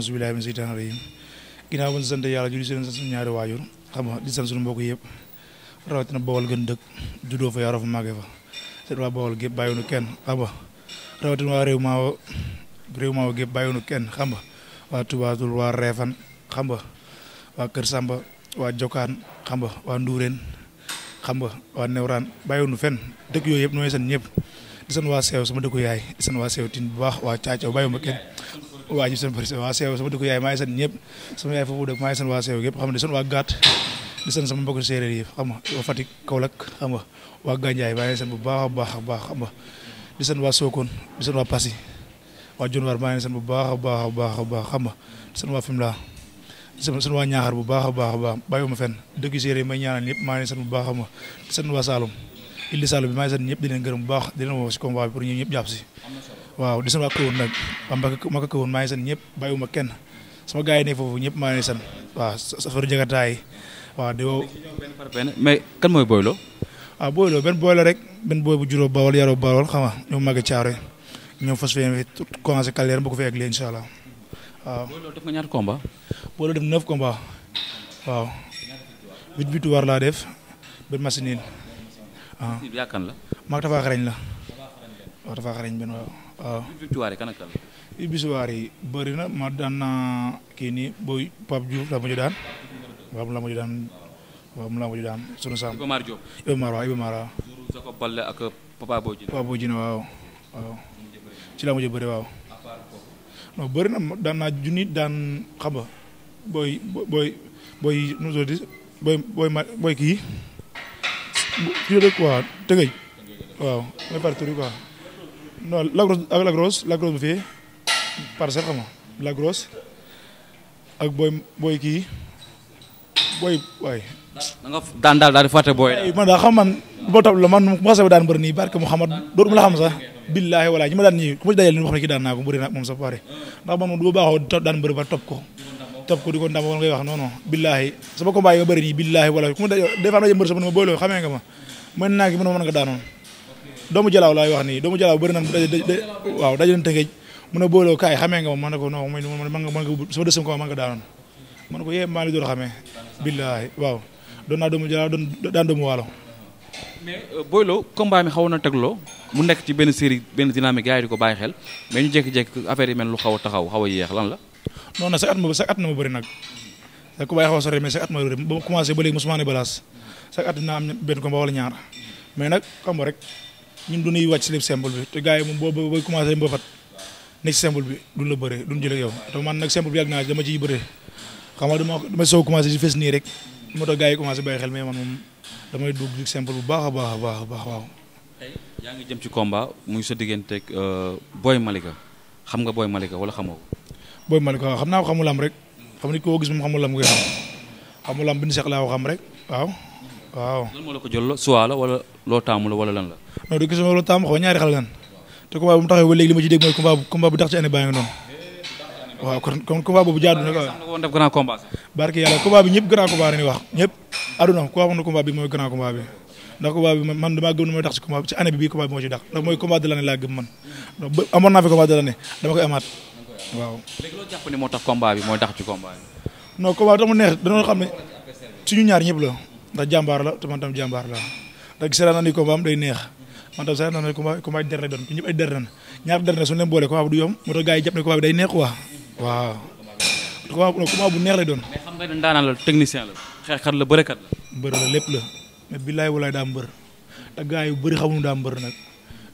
ahasubillahi min seytaan rajim ginnaaw a sant yàlla julli seen suñu ñaari waajur xam nga di sant suñu mbokk yëpp rawatina bawal gën dëkk juddoo fa yaroo fa màggee fa seen waa bawal gépp bàyyiwunu kenn xam nga rawatina waa réew maawo réew maawo gépp bàyyiwunu kenn xam nga waa tubaatul waa reefan xam nga waa kër samba waa jokaan xam nga waa nduuréen xam waa newraan bàyyiwunu fenn dëkk yooyu yëpp nooy sant ñëpp di sant waa seew sama dëkku yaay di sant waa seew tin baax waa caacaaw bàyyiwuma kenn waa ñu seen bëri waa seew sama dëkk yaay maa ngi sant ñëpp sama yaay foofu dëkk maa ngi sant waa seew yëpp xam ne di sant waa gàtt di sant sama mbokk séeréer yi xam nga waa Fatick Kaolack xam nga waa Gandiaye maa ngi sant bu baax a baax a baax xam nga di sant waa Sokone di sant waa Passy waa Dionewar maa ngi sant bu baax a baax a baax a baax xam nga di sant waa Fimela di sant waa Niakhar bu baax a baax a baax bàyyiwuma fenn dëkk séeréer yi may ñaanal ñëpp maa ngi sant bu baax xam nga di sant waa Saloum Ili Saloum bi maa ngi sant ñëpp di leen gërëm bu baax di leen woo si combat bi pour ñu ñëpp jàpp si waaw waa Kahone nag waa Kahone maa ngi sant ñëpp bàyyiwuma kenn yi ne ñëpp maa ngi sant waaw safar jagataay waaw di woo mais kan mooy Boylo waaw ah, Boylo benn Boylo rek benn booy bu juróo bawol bu ko fee ak lii incha allah waaw Boylo def nga ñaata combat Boylo def neuf combat waaw huit victoire laa def benn machine yi waaw yaakaar la maag tafaa xarañ la waaw tafaa xarañ benn waaw waaw victoire yi kan ak na ma daan naa kii nii booy Pape Diouf la ma ju daan waaw la ma daan waaw mu la ma ju daan sunu saam Iba Mar Diop Iba Mar waaw Iba Mar waaw waaw waaw ci na daan naa junni daan xam nga booy booy booy kii kii la quoi tëgëj waaw mooy par tur quoi non Lac Rose ak Lac Rose Lac Rose bu fii parcelle xam nga Lac ak booy booy kii booy waay. da nga daan daal daal di fàtte booy. man daa xam man boo tab la man mu xasee ba daan bëri nii barke Mouhamad dootuma la xam sax. billaahi ma daan ñii ku ma ci dajale ni ma xam naa ko bëri naa moom sax ma baaxoo wax non non billaahi sama combat yi nga bëri nii billaahi walaahi ku ma dajoo des fois ma ma booy loo xamee ma mën naa ki mën ma mën daanoon doomu jalaaw laay wax nii doomu jalaaw bëri nan waaw a booloo kaay xamee nga ma man ne nga man nga ne ko yee maa ngi door xamee billaahi waaw doon naa doomu jalaaw doon daan doomu waalo mais euh, Boylo combat xaw na tegloo mu nekk ci benn série benn dynamique yaay di ko bàyyi xel mais ñu jékki-jékki affaire yi mel lu xaw a taxaw xaw a lan la non non chaque at ma chaque at na ma bëri nag sa ko bàyyi xaw a sori mais chaque at ma bëri ba ma commencé ba léegi mosuma ne balaas chaque at dinaa am benn combat wala ñaar mais nag xam rek ñun du ñuy wàcc si lépp simple bi te gars yi moom boo booy commencé mbëfat ne ci simple bi duñ la bëree duñ jël yow te man nag simple bi yàgg naa dama ciy bëree xam nga dama dama nii rek moo tax gars yi commencé bàyyi xel mais man moom damay dugg si bu baax a baax a baax a baax waaw. yaa ngi jëm ci combat muy sa digganteeg euh, Boy Malika xam nga booy Malika wala xamoo ko. Boy Malika waaw xam naa ko xamul am rek xam ni ko gis moom xamul am nga xam xamul am bi laa ko xam rek waaw. waaw la ko jël la suwaa la wala loo taamu la wala lan la. non du gisuma lu tam xaw ñaari xal lan te combat bu mu taxee ba léegi li ci dégg moy combat bu combat bu tax ci année baa ngi noonu waaw kon kon combat boobu jaadu na won def grand combat barke yalla combat bi ñëpp grand combat ni wax ñëpp aduna ko wax na combat bi mooy grand combat bi ndax combat bi man dama gëm moy tax ci combat ci année bi bi combat bi moo ci dax ndax moy combat de l'année la gëm man amon na fi combat de l'année dama koy amat waaw léegi lo japp ni mo tax combat bi moy tax ci combat bi non combat dama neex dañoo xam ne suñu ñaar ñëpp la ndax jambar la te man tam jambar la ndax gisee ni combat am day neex man tam sax noonu combat combat der la doon ñëpp ay der na ñaar der na suñu leen boole combat bu du yomb moo tax gars yi jàpp ne combat bi day neex quoi waaw combat neex lay doon. mais xam nga ne daanaka technicien la xeexkat la bërekat la. mbër la lépp la mais billaay walaay daa mbër te yu bëri xamuñu daa mbër nag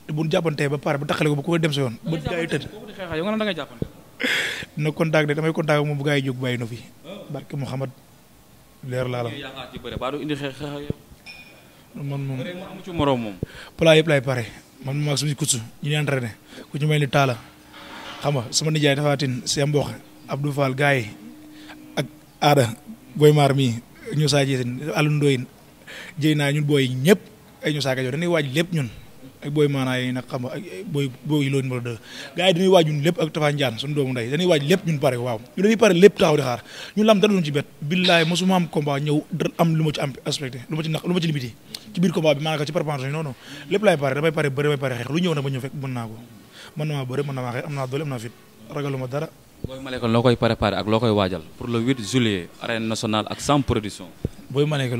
te bu ñu ba pare ba taxale ko ba ku koy dem sa yoon. ba gars na contact de damay contact moom bu gars yi jóg bàyyi na fi barke Mouhamad leer laa man moom bëre moom. plat yëpp laay pare man ma ak suñu kutsu ñu ku ci ma ni Talla xam nga suma nijaay dafa tin si mbokk Abdou Fall gars yi ak Aada Boy Maar mii ñu saa jiitin Alioune Ndoye Dieng naa ñun booy ñëpp ay ñu saa ko jox dañuy waaj lépp ñun. ay booy maanaa yi nag xam nga ay booy booy loolu numéro 2 gars yi dañuy waaj waaj lépp ñun pare waaw ñu dañuy pare lépp taxaw di xaar ñun lam dara duñ ci ci biir combat bi maanaam ci préparation yi non non lépp laay pare damay pare bëri damay pare xeex lu ñëw nag ba ñëw fekk mën naa ko mën naa bëri mën naa xeex am naa doole am naa fit ragaluma dara booy Malika loo koy préparé ak loo koy waajal pour le 8 juillet arène nationale ak sans production booy Malika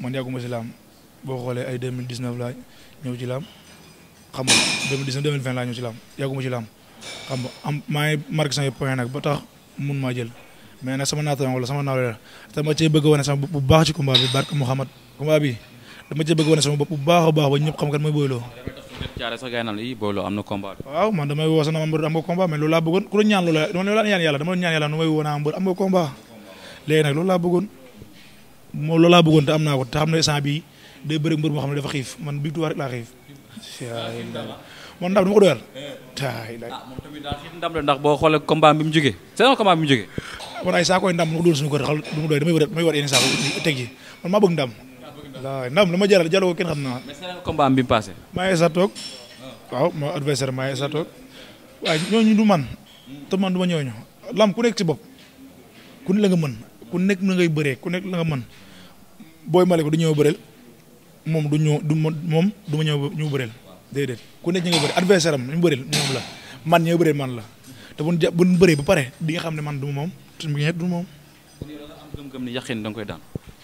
man yàgguma si laam boo xoolee ay 2019 la ñew ci lam xam 2019 2020 la ñew ci laam yàgguma ci lam xam am may mark sama point nak ba tax mun ma jël mais nag sama nata wala sama nawle ta ma cee bëgg wone sama bu baax ci combat bi barke muhammad combat bi dama cee bëgg wone sama bu baax baax ba ñëpp xam kat moy Boylo. jaare sa gaynal yi Boylo amna combat. waaw man dama woo sax na ma am ko combat mais loolu la bëggon ku ñaan loolu la dama ñaan yalla dama ñaan yalla nu may wona mbeur am ko combat légui nak loolu la bëggon moo loolaa bëggoon te am naa ko te xam ne instant bii day mbër moo xam ne dafa xiif man bii tubaab rek laa xiif. man ndam du ma ko doyal. taay laay. ah moom tamit boo xoolee combat mu jógee c'est combat bi mu ndam ma ko dóor suñu kër xal du ma doy damay war damay war yenn teg yi man maa bëgg ndam. waaw ndam la ma jaral jàlloo ko kenn xam naa. mais c'est bi mu ma adversaire maa ngi sa toog waaye ñooñu du man te man du ma ñooñu lam ku nekk si bopp ku ne la nga mën ku nekk la ngay ku nekk la mën booy Malika du ñëw bëreel moom du ñëw du moom du ma ñëw ñu bëreel déedéet ku nekk ñi nga bëri adversaire am ñu bëreel la man ñi nga man la te bu ñu bu ñu bëree ba pare di nga xam ne man du ma moom suñu ñeent du moom. gëm-gëm ni yaqin da koy daan.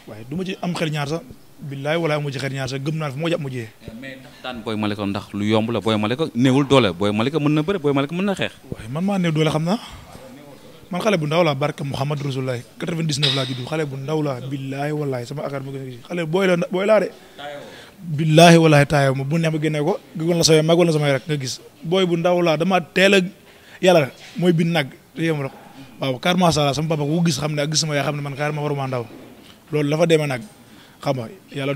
waaye du ma ci am xel ñaar sax billaay walaay mu ci xel ñaar naa fi moo jàpp mu jiyee. Eh, mais ndax daan booy Malika ndax lu yomb la booy Malika néewul doole booy Malika mën na bëre booy Malika mën na xeex. man maa néew doole xam naa man xale bu ndaw laa barke Mouhamad Rasulullah 99 la juddu xale bu ndaw laa billahi wallahi sama akar mo gëna a gis xale booy la boy la de billahi wallahi tayo mo bu neex ma ko gëgoon la samay mag wala sama rek nga gis boy bu ndaw laa dama téla iya yalla yàlla mooy bi nag te iya, yem ya, iya rek waaw kar ma sala sama papa ko gis xam ak gis sama yaa xam ne man carrément waruma ndaw la fa déma nag xam nga yalla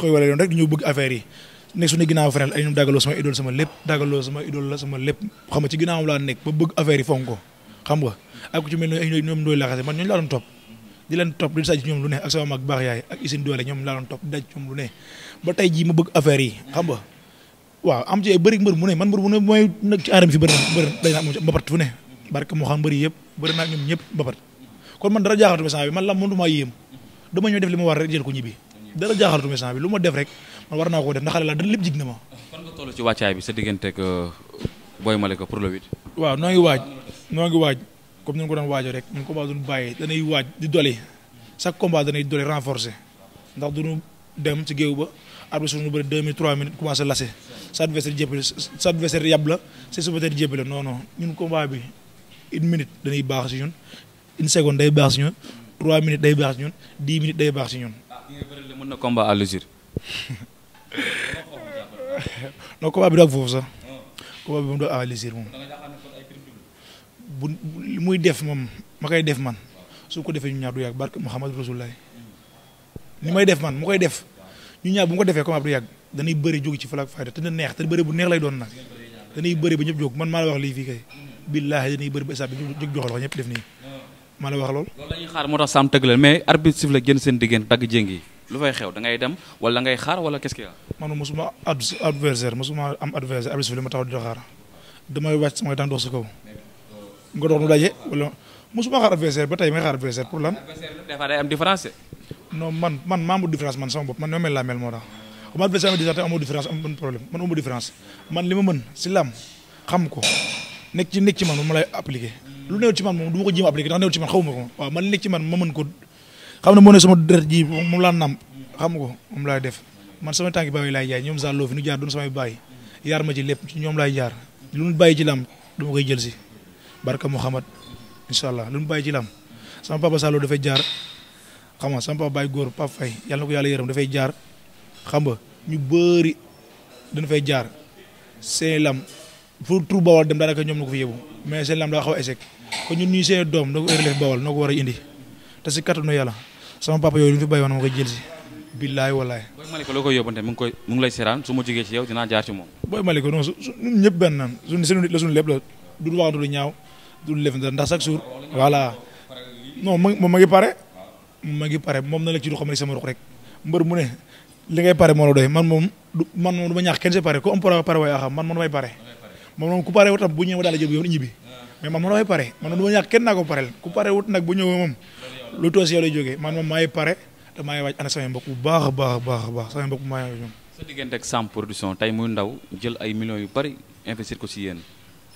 koy walé yoon rek ñu bëgg affaire yi nek suñu ginaaw frère ay ñu dagalo sama idole sama lepp dagalo sama idole la sama lepp xam nga ci ginnaawam la nek ba bëgg affaire yi fonko xam nga ak ku ci melni ne ñoom doy la xasse man ñu la doon top di leen top di sàcc ñoom lu ne ak sama mag bax yaay ak usine doole ñoom la doon top daj ñoom lu ne ba tay ji ma bëgg affaire yi xam nga waaw am ci ay bëri mbër mu ne man mbeur mu ne moy nak ci arène fi bari bari day naa ba part fu ne barke moo xam bari yëpp bari na ñoom ba part kon man dara jaaxatu message bi man la ma yéem dama ñëw def li mu war rek jël ko ñibi dara jaaxatu message bi lu ma def rek man war na ko def ndax xale laa da lépp jig na ma kon nga tollu ci waccay bi sa digënté ak euh, Boy Malika pour le 8 waaw noy ngi waaj noo ngi waaj comme ni ko doon waajoo rek ñun combat duñu bàyyee danay waaj di doli chaque combat danay doli renforcé ndax duñu dem ci géew ba arbitre suñu bëri deux minutes trois minutes commencé lase sa adversaire jéppale sa adversaire yàb la sa supporter jéppale non bi une minute danay baax si ñun une seconde day baax si ñun trois minutes day baax si ñun dix minutes day baax si ñun. Ah, mën na combat à l'usure. non combat bi du ak sax. combat bi moom du à l'usure moom. li muy def mom makay def man su ko defé ñu ñaar du yag barke Muhammad Rasulullah ni may def man mu koy def ñu ñaar bu ko defé comme abdou yag yàgg dañuy bëri jóg ci falaak fayda te dina neex te bëri bu neex lay doon nak dañuy bëri ba ñep jóg man ma la wax li fi kay billahi dañuy bëri ba isaab bi jóg jox la ñep def ni ma la wax lool. lool lañuy xaar moo tax Sam tëgg leen mais arbitre siffle gën seen digeen dag jengi lu fay xew da ngay dem wala ngay xaar wala qu'est-ce qu'il y a. manu musuma adversaire musuma am adversaire arbitre siffle ma taw di xaar damay wacc sama tan dox sa kaw nga dox nu daje wala mosuma xaar adversaire ba tey xaar adversaire pour lan. des fois day am différence. non man man différence man sama bopp man ñoo mel laa mel moo tax xam man li ma mën si lam xam ko nekk ci nekk ci man moom ma lay appliqué. lu néew ci man moom du ma ko jéem a appliqué ndax néew ci man xaw ma ko man li nekk ci man ma mën ko xam ne moo ne sama deret ji moom laa nam xam nga ko moom laay def man samay tànki bàyyi laay jaay ñoom sax loo fi nu jaar doon samay ma ci lépp ci ñoom laay jaar lu nu bàyyi ci lam koy jël si barka Muhammad inshallah luñ bay mu ci lam sama papa da fay jaar xam nga sama papa bay gor Pape fay yalla na yalla yeeram da fay jaar xam nga ñu beuri dañ fay jaar seen lam fu tru bawal dem da naka ñom nako fi yóbbu mais seen lam da xaw échec ko ñun ñuy seen dom na ko relève bawal noo ko indi ta ci kattanu yalla sama papa yoy lu fi bay won ma jël ci billahi wallahi boy Malika loo koy yóbbante mu ngi koy mu ngi lay seran su ma ci yow dina jaar ci mom boy Malika non ñepp ben nan suñu seen nit la suñu lepp la du waxantu du ñaaw du lef ndax chaque jour voilà non moom ma ngi pare ma ngi pare moom na la ci du xam rek sama ruq rek mbër mu ne li ngay pare moo la doy man moom du man moom du ma ñaax kenn si pare ku am pare pare way xam man man may pare moom moom ku pare wutam bu ñëw daal jëb yoon ñibbi mais man man may pare man du ma ñaax kenn naa ko parel ku pare wut nag bu ñëw moom lu toos yow lay jógee man moom maay pare te maay waaj ana samay mbokk bu baax baax baax baax samay mbokk maay waaj moom sa diggante ak sam production tey muy ndaw jël ay millions yu bari investir ko si yéen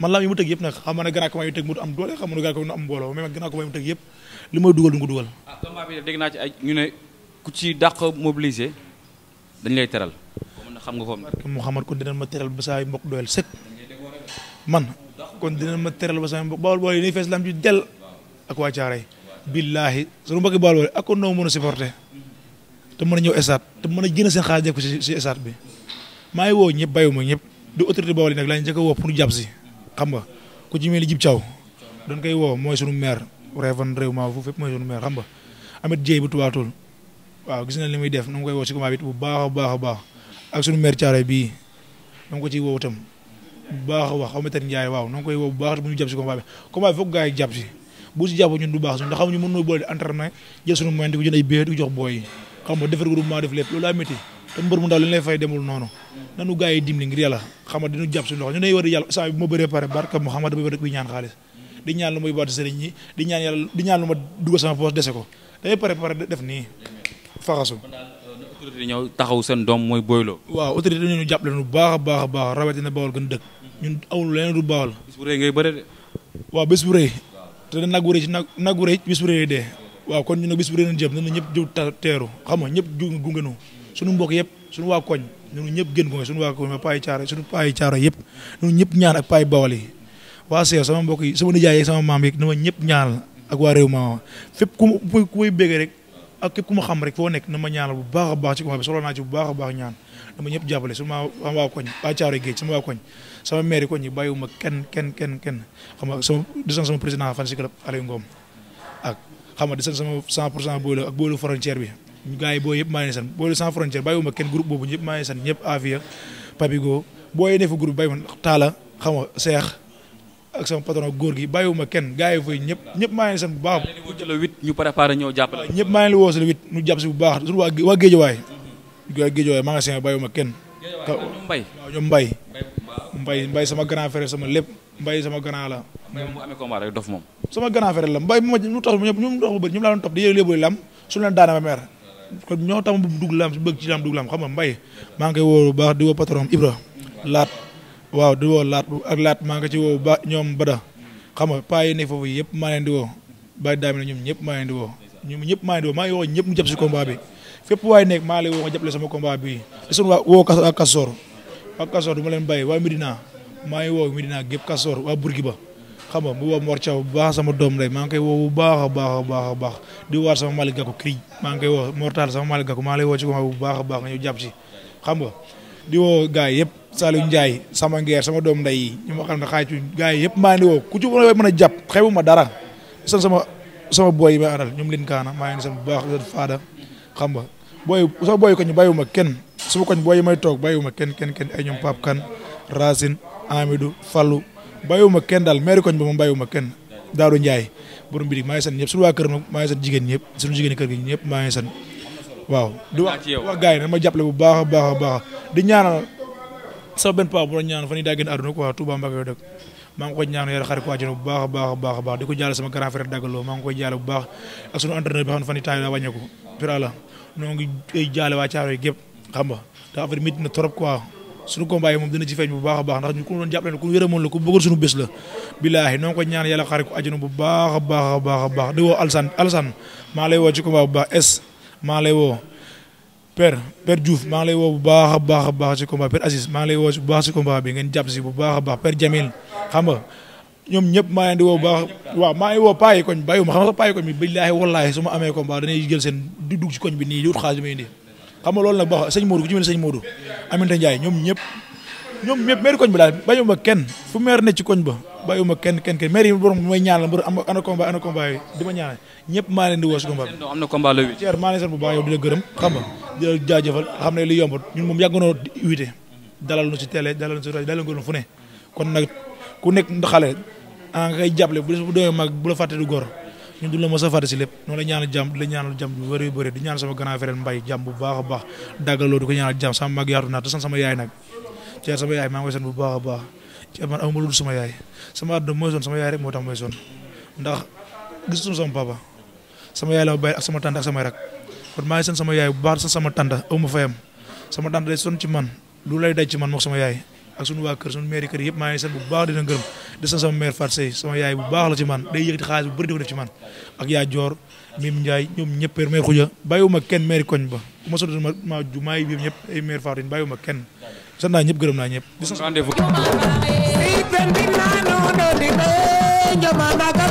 man laam yi mu tëg yëpp nag xam ma ne grand combat yi mu tëg mu am doole ma ne grand combat li may dugal du nga dugal ah, dégg naa ay ñu ku ci dàq mobilise dañ lay teral mën na xam nga foofu Mouhamad kon dinañ ma teral ba saa mbokk doyal sëkk man kon dinañ ma teral ba saa yi mbokk bawol bawol yi ni fees lam ci del ak waa Caaray billaahi sunu mbokki bawol bawol ak ko noo mën a supporter te mën a ñëw estaat te mën a jënd seen xaalis def ko si bi maa ngi woo ñëpp bàyyiwuma ñëpp du autorité bawol yi nag laa ñu njëkk woo pour jàpp si xam nga ku ci mel ni Jib Thiaw doon koy woo mooy sunu maire Réfane réew maa foofu fépp mooy sunu maire xam nga Amath Dieye bu tubaatul waaw gis na li muy def nu mu koy woo si combat bi bu baax a baax a baax ak sunu maire Thiaré bii na ko ciy bu baax a wax Amath Ndiaye waaw ko koy bu baax bu ñu jàpp si combat bi combat bi foog gaa yi jàpp si bu si jàppoo ñun du baax suñu ndax xamuñu mën noo boole di entraînement jël sunu moyen di ko jënd ay billet di ko jox booy yi xam nga defar groupement def lépp loolu daa métti te mbër mu ndaw li lay nanu gaay dimli ngir yalla xama dinu japp suñu loxo ñu day wër yalla sa mo beure pare barka muhammad bu bëré ku ñaan xaaliss di ñaan lu muy baat serigne ni di ñaan yalla di ñaan lu ma dugg sama poste déssé ko day pare pare def ni faxasu euh, autorité ñew taxaw seen dom moy boylo waaw autorité ñu japp lañu baax baax baax rawati na bawol gën dekk ñun awul leen du bawol bis bu reuy ngay beure de. waaw bis bu reuy té nagu reuy nagu reuy bis bu reuy de waaw kon ñu nak bis bu reuy ñu jëm na ñëpp jëw téru xam nga ñëpp gungenu suñu mbokk suñu wa koñ ñun ñëpp gën ko suñu waa ko ma paay caaro suñu paay caaro yëpp ñun ñëpp ñaan ak paay bawal yi waa seew sama mbokk yi sama nijaay yi sama maam yi na ma ñëpp ñaanal ak waa réew ma fépp ku ma ku rek ak ku xam rek foo nekk na ma ñaanal bu baax a baax ci ko bi bu baax a baax ñaan dama ñëpp jàppale sama waa koñ waa caaro géej sama waa koñ sama maire koñ yi bàyyiwuma kenn kenn kenn kenn xam nga sama di sant sama président fan si club ak xam nga di sant sama 100 pour cent boole ak bi gars yi booy yëpp maa ngi san booy lu sans frontière bàyyiwuma kenn groupe boobu ñëpp maa ngi san xam nga Seex ak sama góor gi bàyyiwuma kenn gars yi ñëpp ñëpp maa ngi san bu baax. le huit ñu préparé ñëw jàppale. ñëpp maa ngi leen woo si si bu baax surtout waa waa Géejawaay waa Géejawaay maa ngi seen bàyyiwuma kenn. waaw ñoom Mbaye Mbaye sama grand frère sama lépp mbay sama grand la. mu amee combat rek dof moom. sama grand frère la Mbaye bu ma lu tax ñoom di yële lam su leen daana kon ñoo tam dugg lam bëgg ci lam dugg lam xam nga mbay maa ngi woo bu baax di woo patron Ibra laat waaw di woo laat ak laat maa ngi ci woo ba ñoom Bada xam nga paa yi nekk foofu yëpp maa leen di woo baa daami na ñoom ñëpp maa leen di woo ñoom ñëpp maa leen di woo maa ngi woo ñëpp ñu jàpp si combat bi fépp waaye nekk maa lay woo nga jàppale sama combat bi di suñu waa woo Kasoor ak Kasoor du ma leen bàyyi waa Medina maa ngi woo Medina gépp Kasoor waa ba xam nga mu woo Mor Thiaw bu baax sama doom rek maa ngi koy woo bu baax a baax a baax a baax di waar sama Malick Gakou kii maa ngi koy woo Mor Tall sama Malick Gakou maa lay woo ci combat bu baax a baax nga ñu jàpp ci xam nga di woo gars yi yëpp Saliou Ndiaye sama ngeer sama doom nday yi ñu ma xam ne xaaj gars yi yëpp maa ngi woo ku ci mën a jàpp xeebu ma dara san sama sama boy yi may àndal ñoom leen kaana maa ngi sant bu baax di faada xam nga booy sama booy koñ bàyyiwuma kenn sama koñ booy yi may toog bàyyiwuma kenn kenn kenn ay ñoom Pape Kane Racine Amidou Fallou ma kenn daal maire koñ ba moom bàyyiwuma kenn ma kenn borom bi maa ngi sant ñëpp suñu waa ngi sant jigéen ñëpp suñu jigéen kër gi ñëpp maa ngi sant waaw di wax wax yi na ma jàppale bu baax a baax baax di ñaanal sama benn paa bu doon ñaanal fan yii daa génn àdduna quoi Touba Mbacke yooyu dëkk maa ngi koy ñaanal ko àjjana bu baax a baax a baax baax di ko jaale sama grand frère daggaloo maa ngi koy jaale bu baax ak suñu entraîneur bi xam ne fan yii temps yi daa wàññeeku pira la noo ngi jaale waa caaro yi xam nga te affaire na trop quoi suñu combat yi moom dina ci feeñ bu baax a baax ndax ñu ko doon jàppale ne ku yërëmoon la ku bëggoon suñu bés la billaahi ko ñaan yàlla xaare ko bu baax a baax baax a di woo Alsan Alsan maa lay woo ci combat bu baax es maa lay woo Père Père Diouf maa ngi lay woo bu baax a baax a baax ci combat Père Aziz maa ngi woo si baax ci combat bi ngeen jàpp bu baax a baax per Jamil xam nga ñoom ñëpp maa leen di woo baax waaw maa ngi woo paa yi koñ bàyyiwuma xam nga paa yi koñ bi billaahi wallaahi su ma amee combat danay jël seen di dugg ci koñ bi nii di wut xaalis bi xam nga loolu nag boo sëñ Modou ku ci mel sëñ Modou Aminta Ndiaye ñoom ñëpp ñoom ñëpp maire koñ ba daal bàyyiwuma kenn fu maire ne ci koñ ba bàyyiwuma kenn kenn kenn maire yi borom may ñaanal mbër am ana combat ana combat yi di ma ñaanal ñëpp maa leen di woo si combat bi am na combat la wi maa leen sant bu baax yow di la gërëm xam nga di la jaajëfal xam ne li yombut ñun moom yàgg noo invité dalal nu si télé dalal nu si rajo dalal nu fu ne kon nag ku nekk xale a ah, nga koy jàppale bu doon mag bu la fàtte du góor ñun du la mos a fàtte si lépp noonu la ñaanal jàmm di la ñaanal jàmm bu bëri bëri di ñaan sama grand frère Mbaye jàmm bu baax a baax daggaloo di ko ñaanal jàmm sama mag yaatu naa te sama yaay nag ceer sama yaay maa ngi koy sant bu baax a baax ceer man amuma lu dul sama yaay sama àdduna mooy son sama yaay moo tax mooy son ndax gisatuma sama papa sama yaay la ma bàyyi sama tante ak rak kon maa ngi sama yaay bu baax sant sama tante aw ma fayam sama tante day son ci man lu lay daj ci man mook sama yaay ak sunu waa kër sunu maire kër yëpp maa ngi sant bu baax dina gërëm di sant sama maire Fatou Seye sama yaay bu baax la ci man day yëkkati xaalis bu bëri di ko def ci man ak yaa Dior Mim Ndiaye ñoom ñëpp maire Khoudia bàyyiwuma kenn maire ba bu ma sotoon ma ma ñëpp ay maire Fatou Seye bàyyiwuma kenn sant naa ñëpp gërëm naa ñëpp di